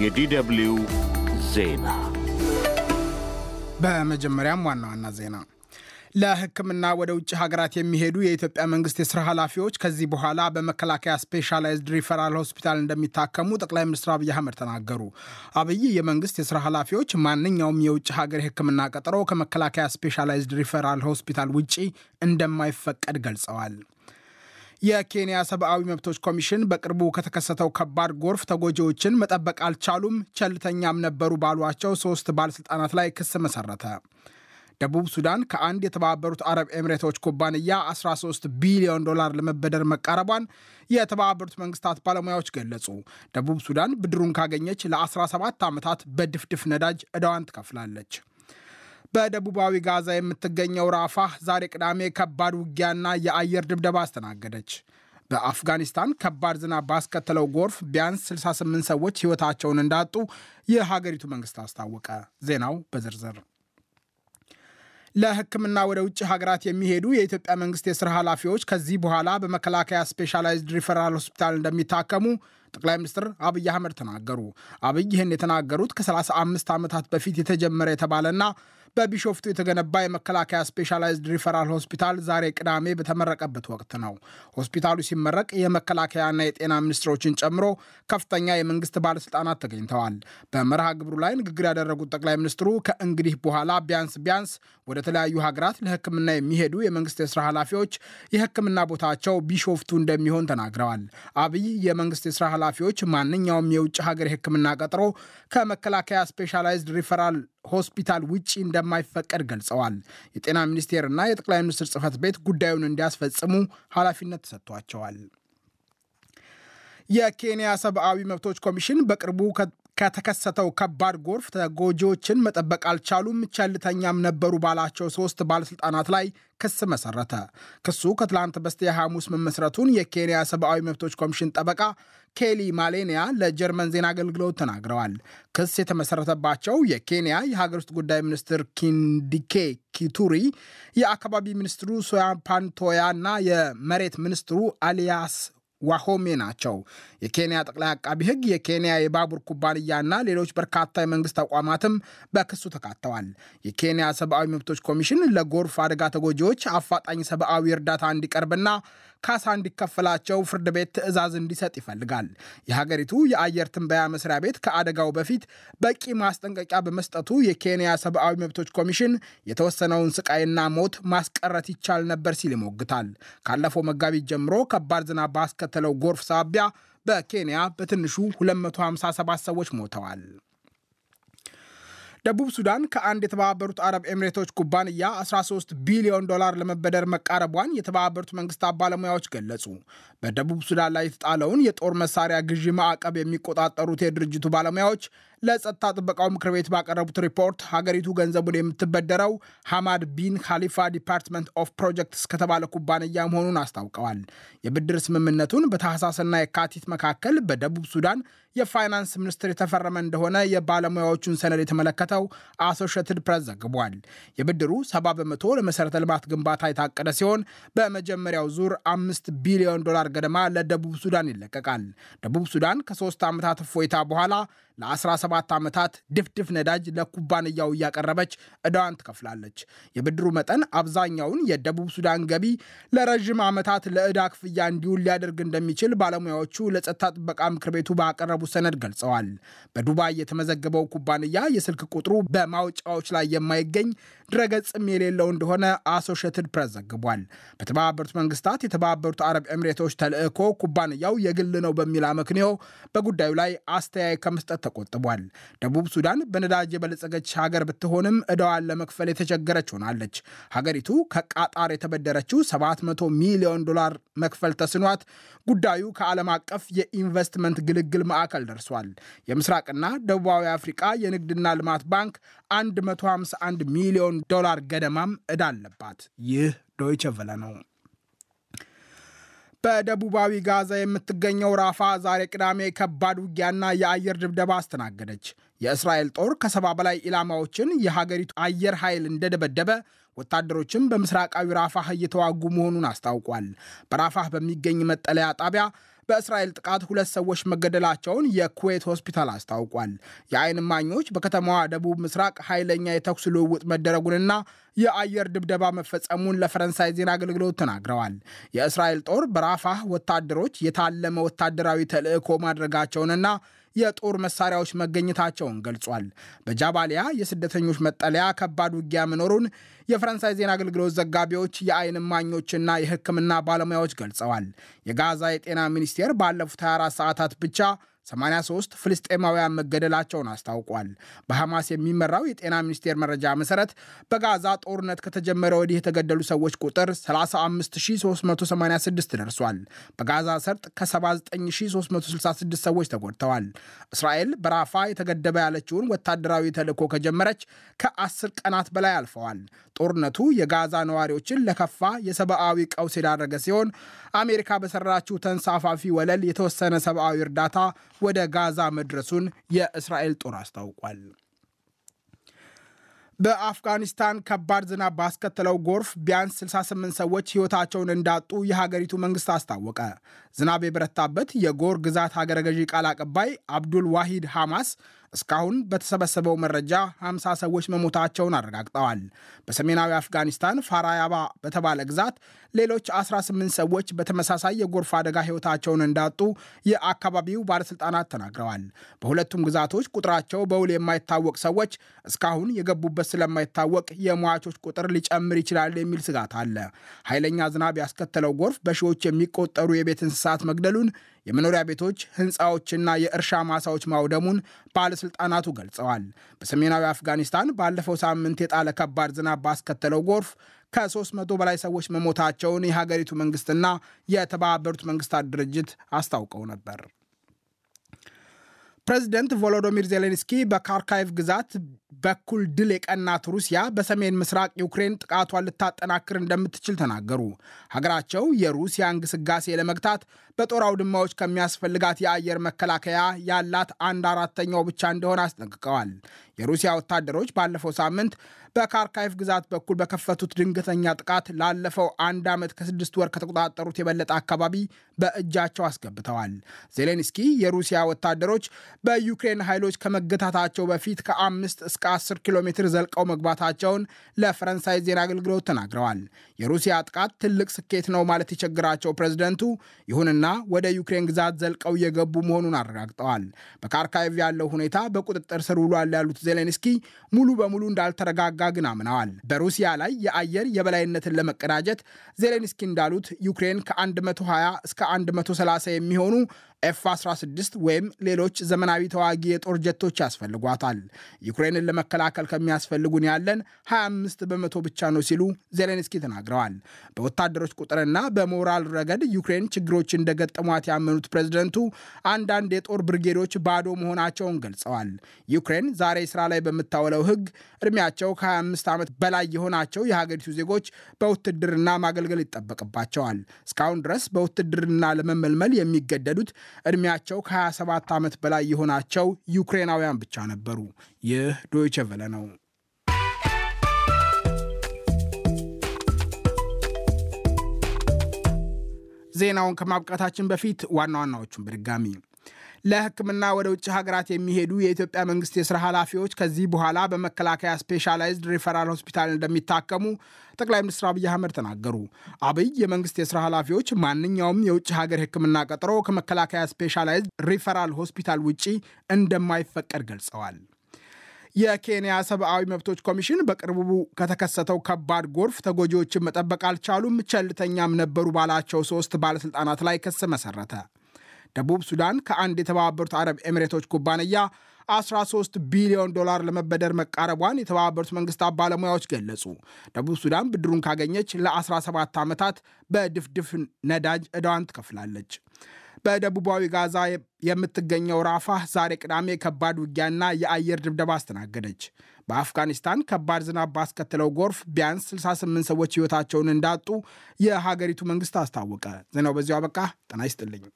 የዲደብልዩ ዜና በመጀመሪያም ዋና ዋና ዜና ለሕክምና ወደ ውጭ ሀገራት የሚሄዱ የኢትዮጵያ መንግስት የስራ ኃላፊዎች ከዚህ በኋላ በመከላከያ ስፔሻላይዝድ ሪፈራል ሆስፒታል እንደሚታከሙ ጠቅላይ ሚኒስትር አብይ አህመድ ተናገሩ። አብይ የመንግስት የስራ ኃላፊዎች ማንኛውም የውጭ ሀገር የሕክምና ቀጠሮ ከመከላከያ ስፔሻላይዝድ ሪፈራል ሆስፒታል ውጪ እንደማይፈቀድ ገልጸዋል። የኬንያ ሰብአዊ መብቶች ኮሚሽን በቅርቡ ከተከሰተው ከባድ ጎርፍ ተጎጂዎችን መጠበቅ አልቻሉም፣ ቸልተኛም ነበሩ ባሏቸው ሶስት ባለሥልጣናት ላይ ክስ መሰረተ። ደቡብ ሱዳን ከአንድ የተባበሩት አረብ ኤምሬቶች ኩባንያ 13 ቢሊዮን ዶላር ለመበደር መቃረቧን የተባበሩት መንግስታት ባለሙያዎች ገለጹ። ደቡብ ሱዳን ብድሩን ካገኘች ለ17 ዓመታት በድፍድፍ ነዳጅ ዕዳዋን ትከፍላለች። በደቡባዊ ጋዛ የምትገኘው ራፋ ዛሬ ቅዳሜ ከባድ ውጊያና የአየር ድብደባ አስተናገደች። በአፍጋኒስታን ከባድ ዝናብ ባስከተለው ጎርፍ ቢያንስ 68 ሰዎች ሕይወታቸውን እንዳጡ የሀገሪቱ መንግስት አስታወቀ። ዜናው በዝርዝር ለሕክምና ወደ ውጭ ሀገራት የሚሄዱ የኢትዮጵያ መንግስት የስራ ኃላፊዎች ከዚህ በኋላ በመከላከያ ስፔሻላይዝድ ሪፈራል ሆስፒታል እንደሚታከሙ ጠቅላይ ሚኒስትር አብይ አህመድ ተናገሩ። አብይ ይህን የተናገሩት ከ35 ዓመታት በፊት የተጀመረ የተባለና በቢሾፍቱ የተገነባ የመከላከያ ስፔሻላይዝድ ሪፈራል ሆስፒታል ዛሬ ቅዳሜ በተመረቀበት ወቅት ነው። ሆስፒታሉ ሲመረቅ የመከላከያና የጤና ሚኒስትሮችን ጨምሮ ከፍተኛ የመንግስት ባለስልጣናት ተገኝተዋል። በመርሃ ግብሩ ላይ ንግግር ያደረጉት ጠቅላይ ሚኒስትሩ ከእንግዲህ በኋላ ቢያንስ ቢያንስ ወደ ተለያዩ ሀገራት ለሕክምና የሚሄዱ የመንግስት የስራ ኃላፊዎች የሕክምና ቦታቸው ቢሾፍቱ እንደሚሆን ተናግረዋል። አብይ የመንግስት የስራ ኃላፊዎች ማንኛውም የውጭ ሀገር የሕክምና ቀጥሮ ከመከላከያ ስፔሻላይዝድ ሪፈራል ሆስፒታል ውጪ እንደማይፈቀድ ገልጸዋል። የጤና ሚኒስቴርና የጠቅላይ ሚኒስትር ጽህፈት ቤት ጉዳዩን እንዲያስፈጽሙ ኃላፊነት ተሰጥቷቸዋል። የኬንያ ሰብአዊ መብቶች ኮሚሽን በቅርቡ ከተከሰተው ከባድ ጎርፍ ተጎጂዎችን መጠበቅ አልቻሉም፣ ቸልተኛም ነበሩ ባላቸው ሶስት ባለስልጣናት ላይ ክስ መሰረተ። ክሱ ከትላንት በስቲያ ሐሙስ መመስረቱን የኬንያ ሰብአዊ መብቶች ኮሚሽን ጠበቃ ኬሊ ማሌኒያ ለጀርመን ዜና አገልግሎት ተናግረዋል። ክስ የተመሰረተባቸው የኬንያ የሀገር ውስጥ ጉዳይ ሚኒስትር ኪንዲኬ ኪቱሪ፣ የአካባቢ ሚኒስትሩ ሶያፓንቶያ እና የመሬት ሚኒስትሩ አሊያስ ዋሆሜ ናቸው። የኬንያ ጠቅላይ አቃቢ ሕግ የኬንያ የባቡር ኩባንያና ሌሎች በርካታ የመንግስት ተቋማትም በክሱ ተካተዋል። የኬንያ ሰብአዊ መብቶች ኮሚሽን ለጎርፍ አደጋ ተጎጂዎች አፋጣኝ ሰብአዊ እርዳታ እንዲቀርብና ካሳ እንዲከፈላቸው ፍርድ ቤት ትዕዛዝ እንዲሰጥ ይፈልጋል። የሀገሪቱ የአየር ትንበያ መስሪያ ቤት ከአደጋው በፊት በቂ ማስጠንቀቂያ በመስጠቱ የኬንያ ሰብአዊ መብቶች ኮሚሽን የተወሰነውን ስቃይና ሞት ማስቀረት ይቻል ነበር ሲል ይሞግታል። ካለፈው መጋቢት ጀምሮ ከባድ ዝናብ ባስከተለው ጎርፍ ሳቢያ በኬንያ በትንሹ 257 ሰዎች ሞተዋል። ደቡብ ሱዳን ከአንድ የተባበሩት አረብ ኤሚሬቶች ኩባንያ 13 ቢሊዮን ዶላር ለመበደር መቃረቧን የተባበሩት መንግስታት ባለሙያዎች ገለጹ። በደቡብ ሱዳን ላይ የተጣለውን የጦር መሳሪያ ግዢ ማዕቀብ የሚቆጣጠሩት የድርጅቱ ባለሙያዎች ለጸጥታ ጥበቃው ምክር ቤት ባቀረቡት ሪፖርት ሀገሪቱ ገንዘቡን የምትበደረው ሐማድ ቢን ካሊፋ ዲፓርትመንት ኦፍ ፕሮጀክትስ ከተባለ ኩባንያ መሆኑን አስታውቀዋል። የብድር ስምምነቱን በታህሳስና የካቲት መካከል በደቡብ ሱዳን የፋይናንስ ሚኒስትር የተፈረመ እንደሆነ የባለሙያዎቹን ሰነድ የተመለከተው አሶሽትድ ፕሬስ ዘግቧል። የብድሩ ሰባ በመቶ ለመሠረተ ልማት ግንባታ የታቀደ ሲሆን በመጀመሪያው ዙር አምስት ቢሊዮን ዶላር ገደማ ለደቡብ ሱዳን ይለቀቃል። ደቡብ ሱዳን ከሶስት ዓመታት እፎይታ በኋላ ለ17 ዓመታት ድፍድፍ ነዳጅ ለኩባንያው እያቀረበች ዕዳዋን ትከፍላለች። የብድሩ መጠን አብዛኛውን የደቡብ ሱዳን ገቢ ለረዥም ዓመታት ለዕዳ ክፍያ እንዲውል ሊያደርግ እንደሚችል ባለሙያዎቹ ለጸጥታ ጥበቃ ምክር ቤቱ ባቀረቡት ሰነድ ገልጸዋል። በዱባይ የተመዘገበው ኩባንያ የስልክ ቁጥሩ በማውጫዎች ላይ የማይገኝ ድረገጽም የሌለው እንደሆነ አሶሽትድ ፕሬስ ዘግቧል። በተባበሩት መንግስታት የተባበሩት አረብ ኤምሬቶች ተልዕኮ ኩባንያው የግል ነው በሚል አመክንዮ በጉዳዩ ላይ አስተያየት ከመስጠት ተቆጥቧል። ደቡብ ሱዳን በነዳጅ የበለጸገች ሀገር ብትሆንም ዕዳዋን ለመክፈል የተቸገረች ሆናለች። ሀገሪቱ ከቃጣር የተበደረችው 700 ሚሊዮን ዶላር መክፈል ተስኗት ጉዳዩ ከዓለም አቀፍ የኢንቨስትመንት ግልግል ማዕከል ደርሷል። የምስራቅና ደቡባዊ አፍሪቃ የንግድና ልማት ባንክ 151 ሚሊዮን ዶላር ገደማም ዕዳ አለባት። ይህ ዶይቸ ቨለ ነው። በደቡባዊ ጋዛ የምትገኘው ራፋ ዛሬ ቅዳሜ ከባድ ውጊያና የአየር ድብደባ አስተናገደች። የእስራኤል ጦር ከሰባ በላይ ኢላማዎችን የሀገሪቱ አየር ኃይል እንደደበደበ ወታደሮችም በምስራቃዊ ራፋህ እየተዋጉ መሆኑን አስታውቋል። በራፋህ በሚገኝ መጠለያ ጣቢያ በእስራኤል ጥቃት ሁለት ሰዎች መገደላቸውን የኩዌት ሆስፒታል አስታውቋል። የአይን እማኞች በከተማዋ ደቡብ ምስራቅ ኃይለኛ የተኩስ ልውውጥ መደረጉንና የአየር ድብደባ መፈጸሙን ለፈረንሳይ ዜና አገልግሎት ተናግረዋል። የእስራኤል ጦር በራፋህ ወታደሮች የታለመ ወታደራዊ ተልዕኮ ማድረጋቸውንና የጦር መሳሪያዎች መገኘታቸውን ገልጿል። በጃባሊያ የስደተኞች መጠለያ ከባድ ውጊያ መኖሩን የፈረንሳይ ዜና አገልግሎት ዘጋቢዎች፣ የአይን እማኞችና የሕክምና ባለሙያዎች ገልጸዋል። የጋዛ የጤና ሚኒስቴር ባለፉት 24 ሰዓታት ብቻ 83 ፍልስጤማውያን መገደላቸውን አስታውቋል። በሐማስ የሚመራው የጤና ሚኒስቴር መረጃ መሠረት በጋዛ ጦርነት ከተጀመረ ወዲህ የተገደሉ ሰዎች ቁጥር 35386 ደርሷል። በጋዛ ሰርጥ ከ79366 ሰዎች ተጎድተዋል። እስራኤል በራፋ የተገደበ ያለችውን ወታደራዊ ተልዕኮ ከጀመረች ከ10 ቀናት በላይ አልፈዋል። ጦርነቱ የጋዛ ነዋሪዎችን ለከፋ የሰብአዊ ቀውስ የዳረገ ሲሆን አሜሪካ በሰራችው ተንሳፋፊ ወለል የተወሰነ ሰብአዊ እርዳታ ወደ ጋዛ መድረሱን የእስራኤል ጦር አስታውቋል። በአፍጋኒስታን ከባድ ዝናብ ባስከተለው ጎርፍ ቢያንስ 68 ሰዎች ሕይወታቸውን እንዳጡ የሀገሪቱ መንግስት አስታወቀ። ዝናብ የበረታበት የጎር ግዛት ሀገረ ገዢ ቃል አቀባይ አብዱል ዋሂድ ሐማስ እስካሁን በተሰበሰበው መረጃ 50 ሰዎች መሞታቸውን አረጋግጠዋል። በሰሜናዊ አፍጋኒስታን ፋራያባ በተባለ ግዛት ሌሎች 18 ሰዎች በተመሳሳይ የጎርፍ አደጋ ሕይወታቸውን እንዳጡ የአካባቢው ባለሥልጣናት ተናግረዋል። በሁለቱም ግዛቶች ቁጥራቸው በውል የማይታወቅ ሰዎች እስካሁን የገቡበት ስለማይታወቅ የሟቾች ቁጥር ሊጨምር ይችላል የሚል ስጋት አለ። ኃይለኛ ዝናብ ያስከተለው ጎርፍ በሺዎች የሚቆጠሩ የቤት እንስሳት መግደሉን፣ የመኖሪያ ቤቶች ህንፃዎችና የእርሻ ማሳዎች ማውደሙን ባለ ባለስልጣናቱ ገልጸዋል። በሰሜናዊ አፍጋኒስታን ባለፈው ሳምንት የጣለ ከባድ ዝናብ ባስከተለው ጎርፍ ከ300 በላይ ሰዎች መሞታቸውን የሀገሪቱ መንግስትና የተባበሩት መንግስታት ድርጅት አስታውቀው ነበር። ፕሬዚደንት ቮሎዶሚር ዜሌንስኪ በካርካይቭ ግዛት በኩል ድል የቀናት ሩሲያ በሰሜን ምስራቅ ዩክሬን ጥቃቷን ልታጠናክር እንደምትችል ተናገሩ። ሀገራቸው የሩሲያ እንግስጋሴ ለመግታት በጦር አውድማዎች ከሚያስፈልጋት የአየር መከላከያ ያላት አንድ አራተኛው ብቻ እንደሆነ አስጠንቅቀዋል። የሩሲያ ወታደሮች ባለፈው ሳምንት በካርካይፍ ግዛት በኩል በከፈቱት ድንገተኛ ጥቃት ላለፈው አንድ ዓመት ከስድስት ወር ከተቆጣጠሩት የበለጠ አካባቢ በእጃቸው አስገብተዋል። ዜሌንስኪ የሩሲያ ወታደሮች በዩክሬን ኃይሎች ከመገታታቸው በፊት ከአምስት እስከ 10 ኪሎ ሜትር ዘልቀው መግባታቸውን ለፈረንሳይ ዜና አገልግሎት ተናግረዋል። የሩሲያ ጥቃት ትልቅ ስኬት ነው ማለት የቸግራቸው ፕሬዝደንቱ፣ ይሁንና ወደ ዩክሬን ግዛት ዘልቀው እየገቡ መሆኑን አረጋግጠዋል። በካርካይቭ ያለው ሁኔታ በቁጥጥር ስር ውሏል ያሉት ዜሌንስኪ ሙሉ በሙሉ እንዳልተረጋጋ ግን አምነዋል። በሩሲያ ላይ የአየር የበላይነትን ለመቀዳጀት ዜሌንስኪ እንዳሉት ዩክሬን ከ120 እስከ 130 የሚሆኑ ኤፍ 16 ወይም ሌሎች ዘመናዊ ተዋጊ የጦር ጀቶች ያስፈልጓታል። ዩክሬንን ለመከላከል ከሚያስፈልጉን ያለን 25 በመቶ ብቻ ነው ሲሉ ዜሌንስኪ ተናግረዋል። በወታደሮች ቁጥርና በሞራል ረገድ ዩክሬን ችግሮች እንደገጠሟት ያመኑት ፕሬዝደንቱ አንዳንድ የጦር ብርጌዶች ባዶ መሆናቸውን ገልጸዋል። ዩክሬን ዛሬ ስራ ላይ በምታውለው ሕግ እድሜያቸው ከ25 ዓመት በላይ የሆናቸው የሀገሪቱ ዜጎች በውትድርና ማገልገል ይጠበቅባቸዋል። እስካሁን ድረስ በውትድርና ለመመልመል የሚገደዱት እድሜያቸው ከ27 ዓመት በላይ የሆናቸው ዩክሬናውያን ብቻ ነበሩ። ይህ ዶይቸ ቨለ ነው። ዜናውን ከማብቃታችን በፊት ዋና ዋናዎቹን በድጋሚ ለሕክምና ወደ ውጭ ሀገራት የሚሄዱ የኢትዮጵያ መንግስት የስራ ኃላፊዎች ከዚህ በኋላ በመከላከያ ስፔሻላይዝድ ሪፈራል ሆስፒታል እንደሚታከሙ ጠቅላይ ሚኒስትር አብይ አህመድ ተናገሩ። አብይ የመንግስት የስራ ኃላፊዎች ማንኛውም የውጭ ሀገር ሕክምና ቀጥሮ ከመከላከያ ስፔሻላይዝድ ሪፈራል ሆስፒታል ውጪ እንደማይፈቀድ ገልጸዋል። የኬንያ ሰብአዊ መብቶች ኮሚሽን በቅርቡ ከተከሰተው ከባድ ጎርፍ ተጎጂዎችን መጠበቅ አልቻሉም፣ ቸልተኛም ነበሩ ባላቸው ሶስት ባለስልጣናት ላይ ክስ መሰረተ። ደቡብ ሱዳን ከአንድ የተባበሩት አረብ ኤሚሬቶች ኩባንያ 13 ቢሊዮን ዶላር ለመበደር መቃረቧን የተባበሩት መንግስታት ባለሙያዎች ገለጹ። ደቡብ ሱዳን ብድሩን ካገኘች ለ17 ዓመታት በድፍድፍ ነዳጅ ዕዳዋን ትከፍላለች። በደቡባዊ ጋዛ የምትገኘው ራፋ ዛሬ ቅዳሜ ከባድ ውጊያና የአየር ድብደባ አስተናገደች። በአፍጋኒስታን ከባድ ዝናብ ባስከተለው ጎርፍ ቢያንስ 68 ሰዎች ሕይወታቸውን እንዳጡ የሀገሪቱ መንግስት አስታወቀ። ዜናው በዚሁ አበቃ። ጤና ይስጥልኝ።